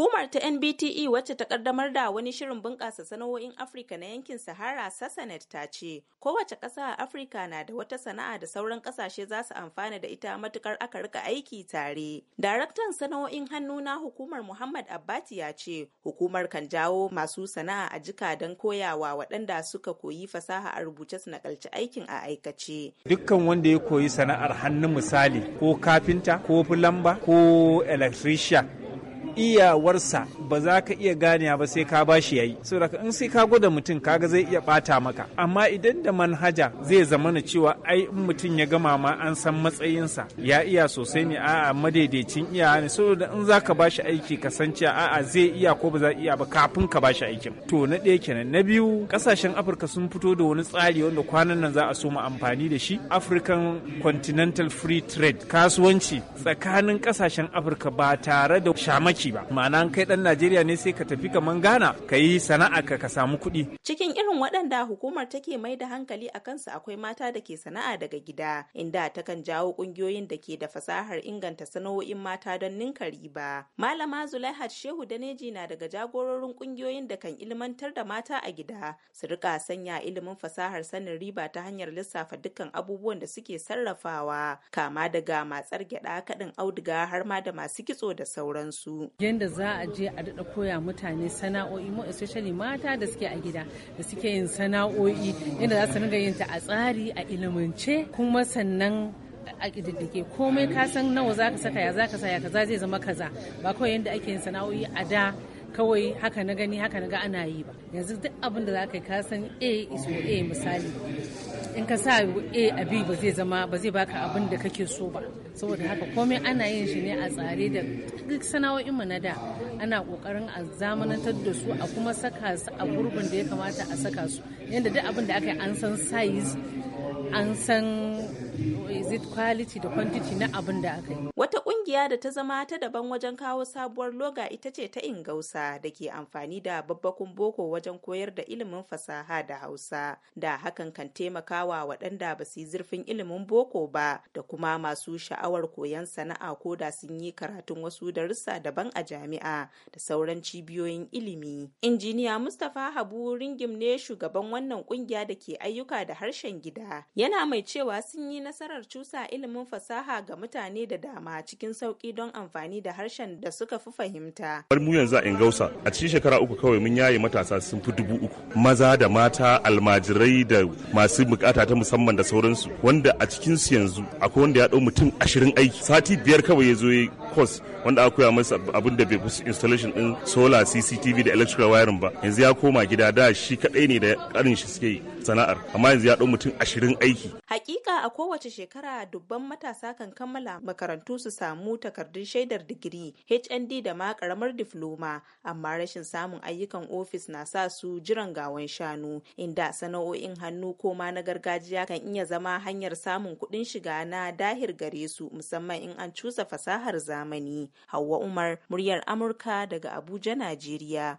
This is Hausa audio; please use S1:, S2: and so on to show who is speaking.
S1: Hukumar ta NBTE wacce ta kaddamar da wani shirin bunƙasa sana'o'in Afirka na yankin Sahara Sassanet ta ce, kowace ƙasa a Afirka na da wata sana'a da sauran ƙasashe za su amfana da ita matukar aka rika aiki tare. Daraktan sana'o'in hannu na hukumar Muhammad Abbati ya ce, hukumar kan jawo masu sana'a a jika don koyawa waɗanda suka koyi fasaha a rubuce su nakalci aikin a aikace.
S2: Dukkan wanda ya koyi sana'ar hannu misali ko kafinta ko fulamba ko electrician iyawarsa ba za ka iya gane ba sai ka ba shi yayi saboda in sai ka gwada mutum kaga zai iya bata maka amma idan da manhaja zai zama na cewa ai in mutum ya gama ma an san matsayinsa ya iya sosai ne a'a madaidaicin iya ne saboda in za ka bashi aiki ka san cewa a'a zai iya ko ba za iya ba kafin ka bashi aikin to na ɗaya kenan na biyu kasashen afirka sun fito da wani tsari wanda kwanan nan za a so mu amfani da shi african continental free trade kasuwanci tsakanin kasashen afirka ba tare da shamaki ci ba ma'ana kai dan najeriya ne sai ka tafi kaman gana, ka yi sana'a ka ka samu kuɗi
S1: Cikin irin waɗanda hukumar take mai da hankali a kansu akwai mata da ke sana'a daga gida, inda takan jawo ƙungiyoyin da ke da fasahar inganta sana'o'in mata don ninka riba. Malama Zulaihat Shehu Daneji na daga jagororin ƙungiyoyin da kan ilmantar da mata a gida, su rika sanya ilimin fasahar sanin riba ta hanyar lissafa dukkan abubuwan da suke sarrafawa, kama daga matsar gyaɗa kaɗin auduga har ma da masu kitso da sauransu. Yanda za a
S3: je a daɗa koya mutane sana'o'i mu especially mata da suke a gida. da suke yin sana'o'i inda za su ringa yin ta a tsari a ilimance kuma sannan a ƙididdike komai ka san nawa za ka saka ya za ka saya kaza zai zama kaza ba kawai yadda ake yin sana'o'i a da kawai haka na gani haka na ga ana yi ba yanzu duk abin da za ka yi ka san a iso a misali in ka sa a a b ba zai zama ba zai baka abin da kake so ba saboda haka komai ana yin shi ne a tsare da duk sana'o'in mu na da ana kokarin a zamanantar da su a kuma saka su a gurbin da ya kamata a saka su yadda duk abin da aka yi an san size an san is it quality da quantity
S1: na abin da aka yi. Wata kungiya da ta zama ta daban wajen kawo sabuwar loga ita ce ta ingausa da ke amfani da babbakun boko wajen koyar da ilimin fasaha da hausa da hakan kan taimakawa waɗanda ba su yi zurfin ilimin boko ba da kuma masu sha'awar koyon sana'a ko da sun yi karatun wasu darussa daban a jami'a da sauran cibiyoyin ilimi. Injiniya Mustapha Habu Ringim ne shugaban wannan kungiya da ke ayyuka da harshen gida yana mai cewa sun yi nasarar cusa ilimin fasaha ga mutane da dama cikin sauki don amfani da harshen da suka fi fahimta.
S4: bari mu yanzu a Ingausa a cikin shekara uku kawai mun yaye matasa sun fi dubu uku maza da mata almajirai da masu bukata ta musamman da sauransu wanda a cikin su yanzu akwai wanda ya ɗau mutum ashirin aiki sati biyar kawai ya zo course wanda aka koya masa abin da bai kusa installation din solar cctv da electrical wiring ba yanzu ya koma gida da shi kadai ne da karin shi suke sana'ar amma yanzu ya ɗau mutum ashirin aiki
S1: Hakika a kowace shekara dubban matasa kan kammala makarantu su samu takardun shaidar digiri, HND da ma karamar difloma, amma rashin samun ayyukan ofis na sa su jiran gawan shanu, inda sana'o'in hannu ko ma na gargajiya kan iya zama hanyar samun kuɗin shiga na dahir gare su musamman in an cusa fasahar zamani. Hauwa Umar, muryar Amurka daga Abuja, Najeriya.